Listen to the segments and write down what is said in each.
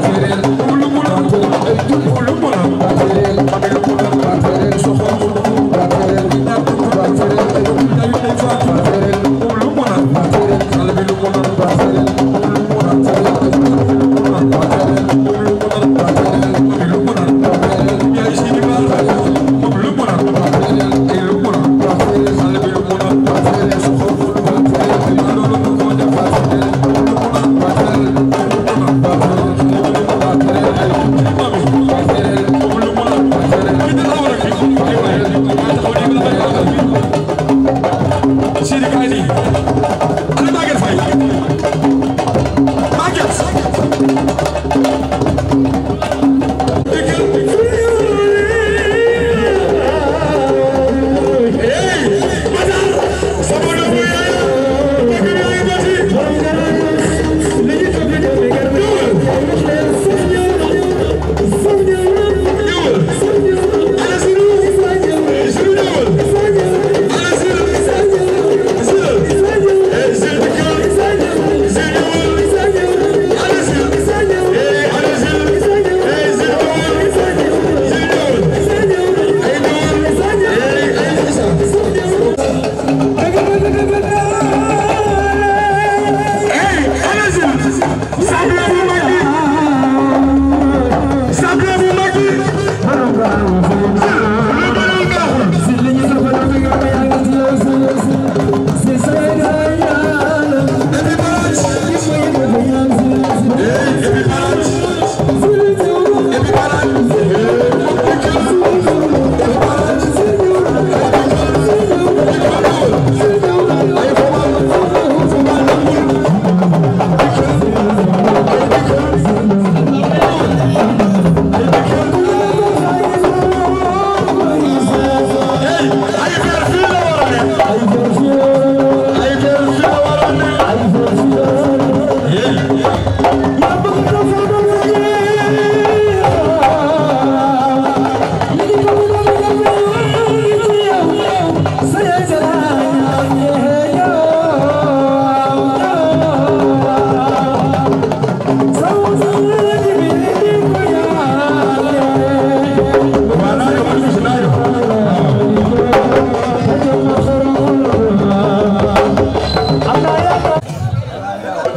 séeréer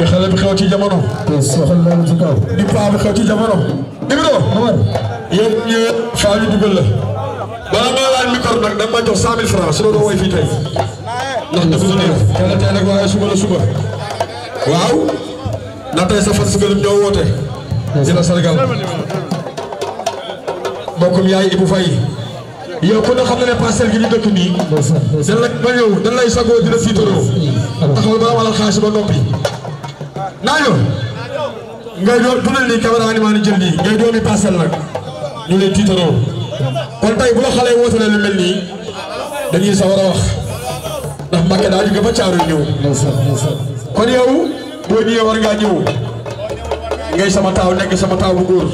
di xale bi xew ci jamono. te soxal la ci di paa bi maa laaj micro nag da nga ma jox cent mille su fii tey. ndax dafa ma neex. teel a teel ak waaye suba la suba. waaw. na tey sa fan si gën ñoo woote. di la sargal. mbokkum yow ku xam ne parcelle gi ñu dëkk nii. dañ la ba yow dañ lay sagoo di la ba noppi. naajo ngay doon du mel ni caméra ni maa ni jël nii ngay doomi parcelle nag ñu lay tiitaroo kon tey bu la xale wootalee lu mel nii dañuy sa war a wax ndax Mbàkke daa jóge ba caaru ñëw kon yow boo ñëwee war ngaa ñëw ngay sama taaw nekk sama taaw bu góor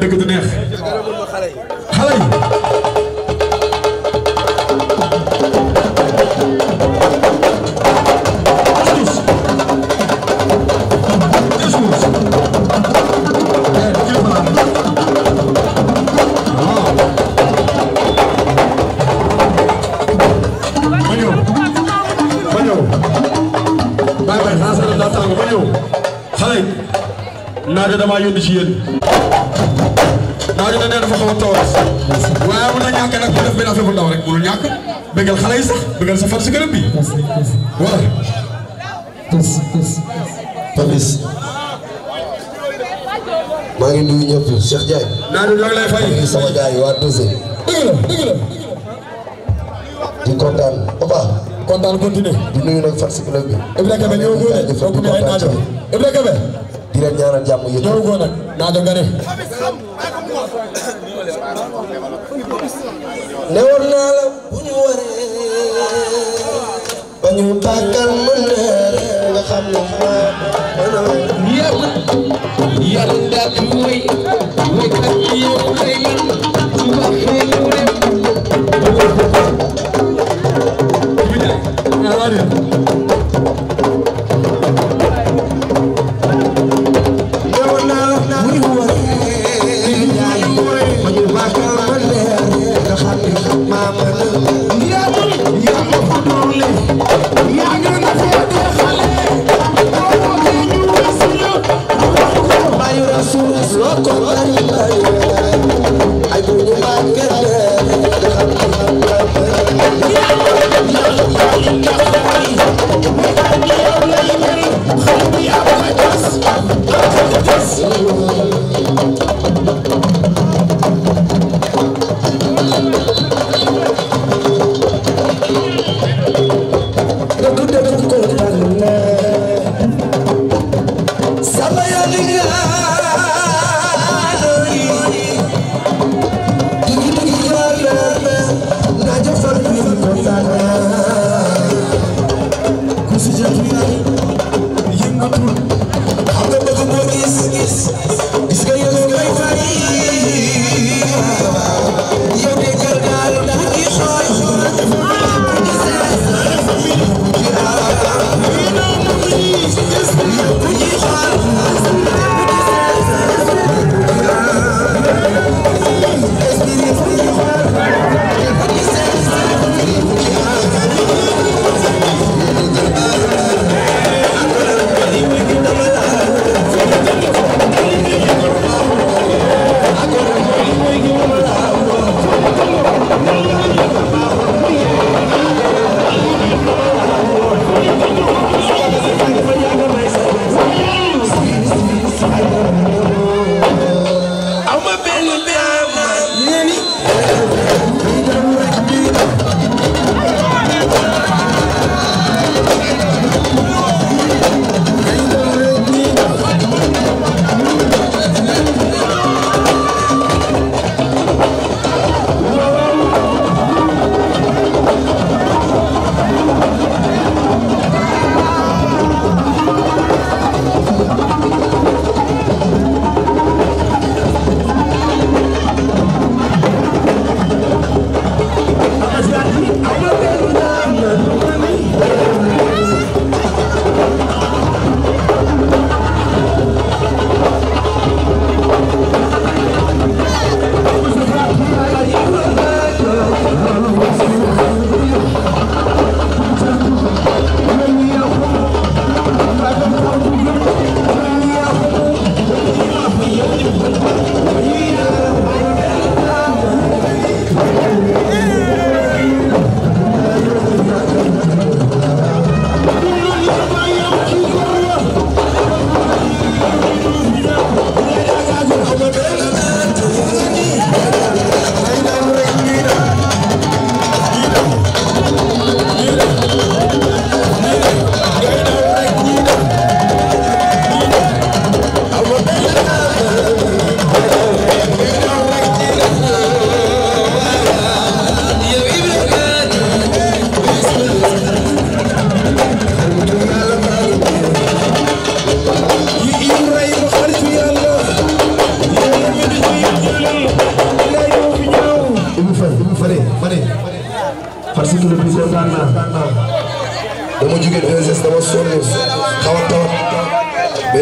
dëgg du neex xale yi naajo damaa yónni ci yéen naajo da ne dafa xaw a tawat waaye mun na ñàkk nag mu def benn affaire bu ndaw rek mënul ñàkk bëggal xale yi sax bëggal sa far si gërëm bi voilà tos tos tabis maa ngi nuyu ñëpp Cheikh Ndiaye naajo ñoo ngi lay fay sama gars yi waa Dose dëgg la dëgg la di kontaan papa kontaan continuer di nuyu nag far si gërëm bi Ibrahima ñëw ñëw rek donc ñu ay naajo Ibrahima di leen ñaanal jàmm yéen. ñëw ko nag naa ko gane. newoon naa la bu ñu waree ñu tàkkal mën na nga xam ne maa mën a. yàlla yàlla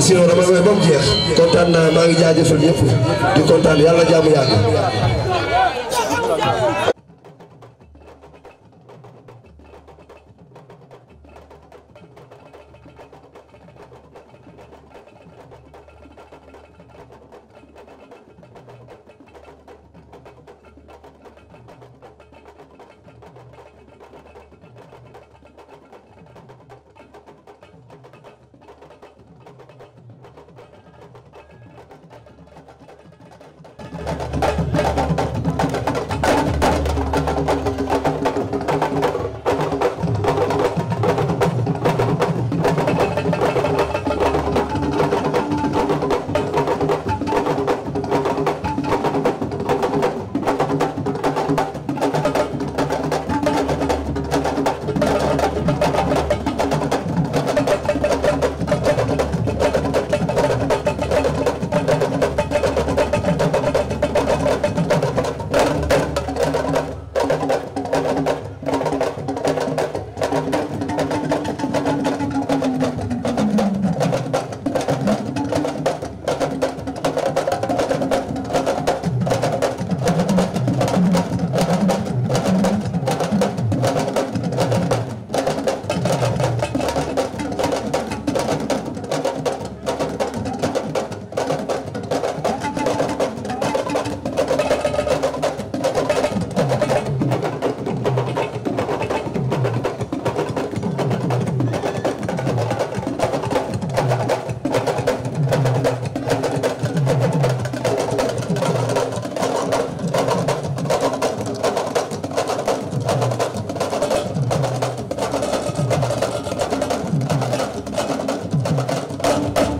mais sinon dama may ba mu jeex kontaan naa maa ngi jaajëfal ñëpp di kontaan yàlla jaamu yàgg Thank you.